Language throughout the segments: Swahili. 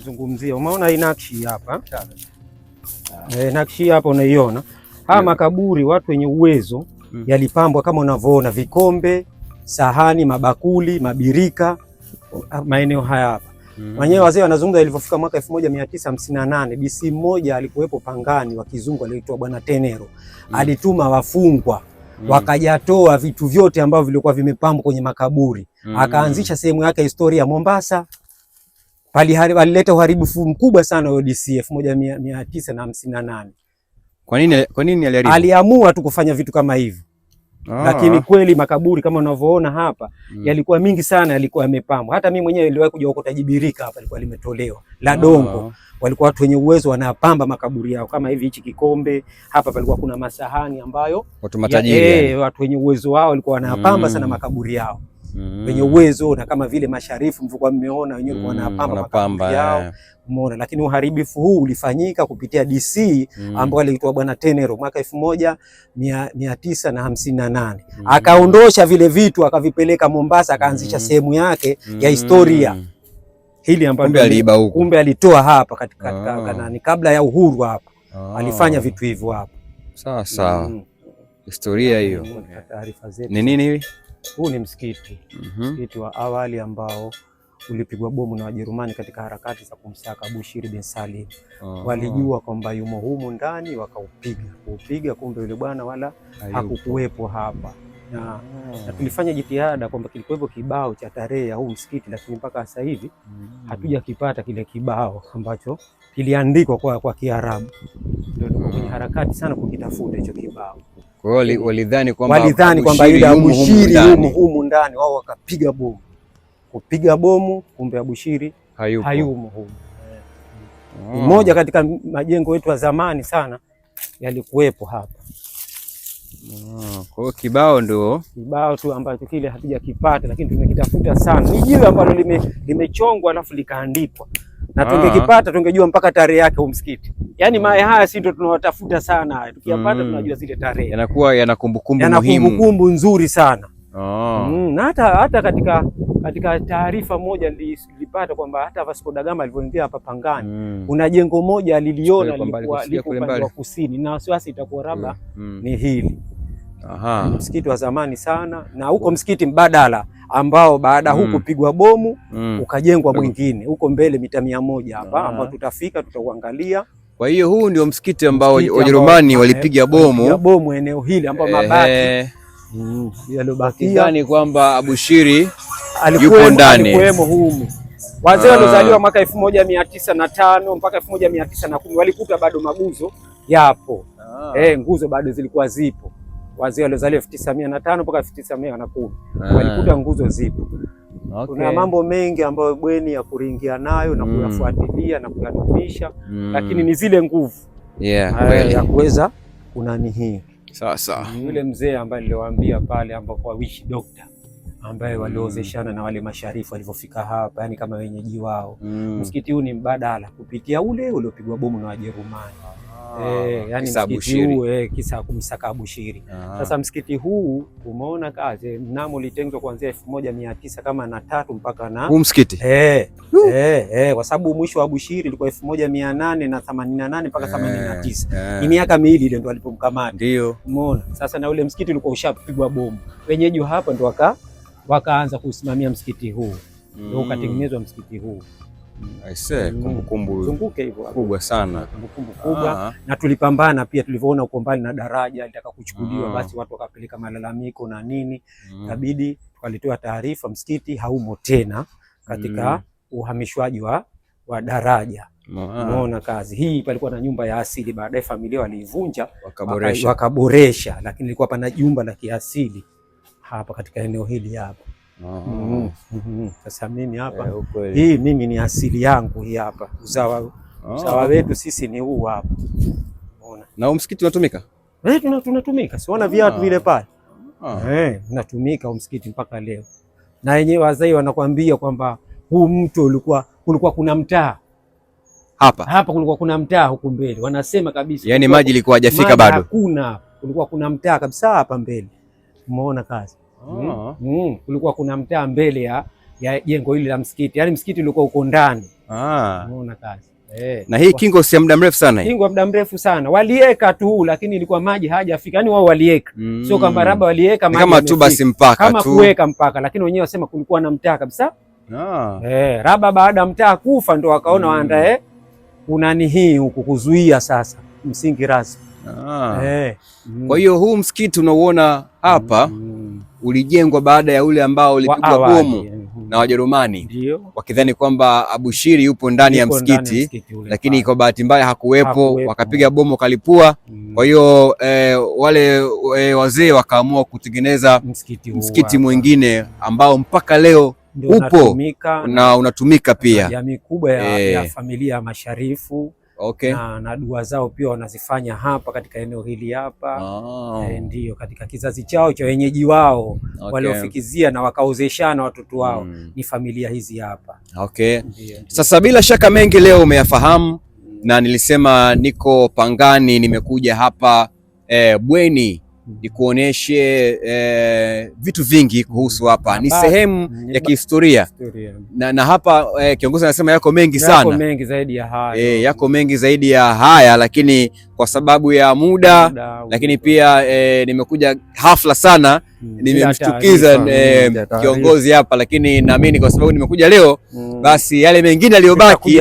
zungumzia. Umeona hii nakshi hapa eh, nakshi hapa unaiona. Haya makaburi watu wenye uwezo mm. yalipambwa kama unavyoona, vikombe, sahani, mabakuli, mabirika, maeneo haya hapa mm. wenyewe wazee wanazungumza ilivyofika mwaka 1958 DC mmoja alikuwepo Pangani wa kizungu aliyeitwa Bwana Tenero mm. alituma wafungwa mm. wakajatoa vitu vyote ambavyo vilikuwa vimepambwa kwenye makaburi mm. akaanzisha sehemu yake historia ya Mombasa walileta uharibifu mkubwa sana ODC elfu moja mia tisa na na Kwa nini, kwa nini aliharibu? Aliamua tu kufanya vitu kama hivyo ah. Lakini kweli makaburi kama unavyoona hapa mm. yalikuwa mingi sana, yalikuwa yamepambwa. Hata mimi mwenyewe niliwahi kuja huko tajibirika, hapa ilikuwa limetolewa la ah. dongo ah. Walikuwa watu wenye uwezo wanapamba makaburi yao kama hivi, hichi kikombe hapa, palikuwa kuna masahani ambayo watu matajiri, eh, watu wenye uwezo wao walikuwa wanapamba mm. sana makaburi yao mm. wenye uwezo na kama vile masharifu mvukwa, mmeona wenyewe mm. wanapamba wanapamba yao, umeona. Lakini uharibifu huu ulifanyika kupitia DC mm. ambao aliitwa bwana Tenero mwaka 1958 na mm. akaondosha vile vitu akavipeleka Mombasa, akaanzisha mm. sehemu yake mm. ya historia hili ambalo kumbe alitoa hapa katika, oh. katika kanani kabla ya uhuru hapa oh. alifanya vitu hivyo hapa sawa sawa, mm. historia mm. hiyo, taarifa ni nini hivi huu ni msikiti mm -hmm. msikiti wa awali ambao ulipigwa bomu na Wajerumani katika harakati za kumsaka Bushiri bin Salim. Oh, walijua kwamba yumo humu ndani wakaupiga kuupiga, kumbe yule bwana wala hakukuwepo hapa na, oh. na tulifanya jitihada kwamba kilikuwepo kibao cha tarehe ya huu msikiti, lakini mpaka sasa hivi mm. hatujakipata kile kibao ambacho kiliandikwa kwa, kwa Kiarabu. Ndio tuko kwenye ah. harakati sana kukitafuta hicho kibao. Kwa hiyo walidhani kwamba walidhani kwamba yule Abushiri yumo humu ndani, wao wakapiga bomu. Kupiga bomu, kumbe Abushiri hayupo, hayumo humu. Hmm. Mmoja katika majengo yetu ya zamani sana yalikuwepo hapa. Hmm. Kwa hiyo kibao ndio kibao tu ambacho kile hatujakipata, lakini tumekitafuta sana. Ni jiwe ambalo limechongwa lime alafu likaandikwa na ah. tungekipata tungejua mpaka tarehe yake msikiti. Yaani mm. mawe haya si ndio tunawatafuta sana, tukiyapata mm. tunajua zile tarehe, yanakuwa yana kumbukumbu muhimu, yana kumbukumbu nzuri sana oh. Mm, na hata hata katika katika taarifa moja nilipata kwamba hata Vasco da Gama alivyoingia hapa Pangani mm. kuna jengo moja aliliona liko upande wa kusini, na wasiwasi itakuwa labda mm. mm. ni hili Aha. Msikiti wa zamani sana na huko msikiti mbadala ambao baada mm. pigwa bomu mm. ukajengwa mwingine huko mbele mita mia moja hapa ah. ambao tutafika tutauangalia. Kwa hiyo huu ndio msikiti ambao Wajerumani eh, walipiga bomu bomu eneo hili ambao mabaki mm. yalobakia ni kwamba Abushiri yupo ndani wazee ah. waliozaliwa mwaka elfu moja mia tisa na tano mpaka elfu moja mia tisa na kumi walikuta bado maguzo yapo, ah. eh, nguzo bado zilikuwa zipo wazee waliozaliwa elfu tisa mia na tano mpaka elfu tisa mia na kumi eh. walikuta nguzo zipo. Okay. Kuna mambo mengi ambayo bweni ya kuringia nayo na mm. kuyafuatilia mm. na kuyadumisha mm. lakini ni zile nguvu yeah, uh, ya kuweza kunani hii sasa yule mzee ambaye niliwaambia pale ambapo kwa wish doctor ambaye mm. waliozeshana mm. na wale masharifu walivyofika hapa, yani kama wenyeji wao mm. msikiti huu ni mbadala kupitia ule uliopigwa bomu na Wajerumani e, yani msikiti huu e, kisa kumsaka Abushiri. Ah. Sasa msikiti huu umeona kazi eh, mnamo litengwa kuanzia elfu moja mia tisa kama na tatu mpaka na huu msikiti e, e, e, kwa sababu mwisho wa bushiri ilikuwa elfu moja mia nane na themanini na nane mpaka themanini na tisa ni miaka miwili ile ndo alipomkamata. Ndio. Umeona sasa, na ule msikiti ulikuwa ushapigwa bomu, wenyeji hapa ndo waka wakaanza kusimamia msikiti huu ndio mm. ukatengenezwa msikiti huu Aise, mm. kumbukumbu zunguke hivyo kubwa sana, kumbukumbu kubwa. Ah. Na tulipambana pia, tulivyoona uko mbali na daraja litaka kuchukuliwa, mm. basi watu wakapeleka malalamiko na nini, mm. kabidi tukalitoa taarifa, msikiti haumo tena katika uhamishwaji wa wa daraja. Unaona kazi hii, palikuwa na nyumba ya asili, baadaye familia waliivunja wakaboresha, wakaboresha, lakini ilikuwa pana jumba la kiasili hapa katika eneo hili hapa Mm. Sasa mimi hapa yeah, hii mimi ni asili yangu hii hapa, uzawa ah, uzawa wetu sisi ni huu hapa. Unaona? Na msikiti unatumika? Eh, tunatumika. Siona viatu ah. vile pale. Ah. Eh, tunatumika msikiti mpaka leo. Na wenyewe wazee wanakuambia kwamba huu mto ulikuwa kulikuwa kuna mtaa hapa. Hapa kulikuwa kuna mtaa huku mbele. Wanasema kabisa. Yaani maji ilikuwa hajafika bado. Hakuna. Kulikuwa kuna mtaa kabisa hapa mbele. Umeona kazi? ah. mm. kulikuwa kuna mtaa mbele ya ya jengo hili la msikiti, yaani msikiti ulikuwa uko ndani ah. unaona kazi eh. na hii kingo si muda mrefu sana, kingo muda mrefu sana walieka tu, lakini ilikuwa maji hajafika, yaani wao walieka mm. sio kwamba walieka maji. kama tu basi mpaka kama kuweka mpaka, lakini wenyewe wasema kulikuwa na mtaa kabisa ah. eh, raba baada ya mtaa kufa ndo wakaona mm. waandae unani hii huku kuzuia sasa msingi rasmi ah. eh. mm. kwa hiyo huu msikiti unauona hapa mm ulijengwa baada ya ule ambao ulipigwa bomu eh, hmm. na Wajerumani wakidhani kwamba Abushiri yupo ndani ya msikiti, msikiti lakini ah. kwa bahati mbaya hakuwepo, hakuwepo. Wakapiga bomu kalipua mm. Kwa hiyo e, wale e, wazee wakaamua kutengeneza msikiti, msikiti mwingine ambao mpaka leo upo unatumika, na unatumika pia jamii kubwa ya, e. ya familia ya masharifu okay. na, na dua zao pia wanazifanya hapa katika eneo hili hapa oh. E, eh, ndiyo katika kizazi chao cha wenyeji wao okay. waliofikizia na wakaozeshana watoto wao mm. ni familia hizi hapa okay. Ndiyo, ndiyo. Sasa bila shaka mengi leo umeyafahamu na nilisema niko Pangani, nimekuja hapa eh, Bweni nikuoneshe eh, vitu vingi kuhusu hapa. Ni sehemu ya kihistoria na, na hapa eh, kiongozi anasema yako mengi sana, yako mengi zaidi ya haya, eh, yako mengi zaidi ya haya, lakini kwa sababu ya muda, muda lakini muda. Pia eh, nimekuja hafla sana hmm. Nimemshtukiza eh, kiongozi hapa, lakini naamini kwa sababu nimekuja leo hmm. Basi yale mengine aliyobaki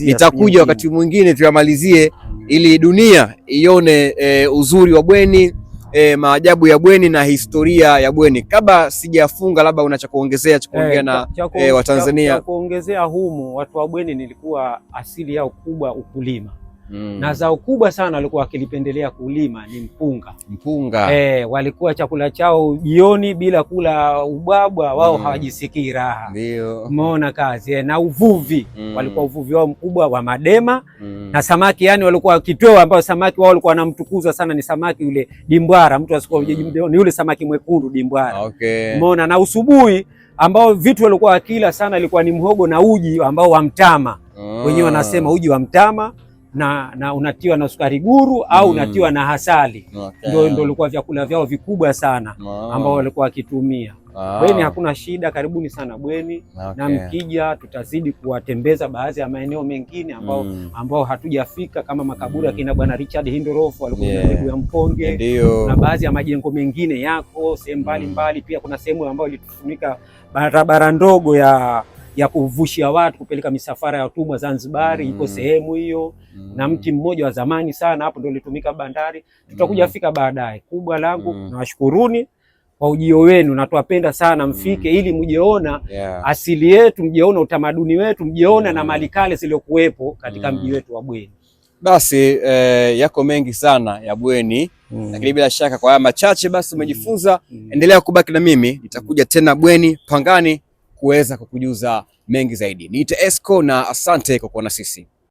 nitakuja wakati mwingine tuyamalizie ili dunia ione eh, uzuri wa bweni e, maajabu ya bweni na historia ya bweni. Kabla sijafunga, labda una cha kuongezea cha kuongea eh, na e, Watanzania? Cha kuongezea humu, watu wa bweni nilikuwa asili yao kubwa ukulima mm. na zao kubwa sana walikuwa wakilipendelea kulima ni mpunga. Mpunga e, walikuwa chakula chao jioni bila kula ubwabwa wao mm. hawajisikii raha, ndio umeona kazi eh, na uvuvi mm. walikuwa uvuvi wao mkubwa wa madema mm. na samaki, yani walikuwa wakitoa, ambao samaki wao walikuwa wanamtukuza sana ni samaki yule dimbwara, mtu asikuwa mm. ni yule samaki mwekundu dimbwara, okay. na usubuhi ambao vitu walikuwa wakila sana ilikuwa ni mhogo na uji ambao wa mtama, ah. wenyewe wanasema uji wa mtama na, na unatiwa na sukari guru au mm. unatiwa na hasali okay. Ndio ilikuwa vyakula vyao vikubwa sana oh. ambao walikuwa wakitumia oh. Bweni hakuna shida, karibuni sana bweni okay. Na mkija tutazidi kuwatembeza baadhi ya maeneo mengine ambao, mm. ambao hatujafika kama makaburi akina mm. bwana Richard Hindorof alikuwa yeah. ya Mponge Ndiyo. na baadhi ya majengo mengine yako sehemu mm. mbalimbali mm. Pia kuna sehemu ambayo ilitufunika barabara ndogo ya ya kuvushia watu kupeleka misafara ya watumwa Zanzibar mm. iko sehemu hiyo mm. na mti mmoja wa zamani sana hapo ndio ulitumika bandari. Tutakuja mm. fika baadaye. Kubwa langu mm. nawashukuruni kwa ujio wenu na tuwapenda sana mfike mm. ili mjeona yeah. asili yetu, mjeona utamaduni wetu, mjeona mm. na mali kale zilizokuwepo katika mm. mji wetu wa Bweni. Basi eh, yako mengi sana ya Bweni mm. lakini bila shaka kwa haya machache basi umejifunza mm. mm. endelea kubaki na mimi, nitakuja tena Bweni Pangani kuweza kukujuza mengi zaidi. Niite Esco na asante kwa kuwa na sisi.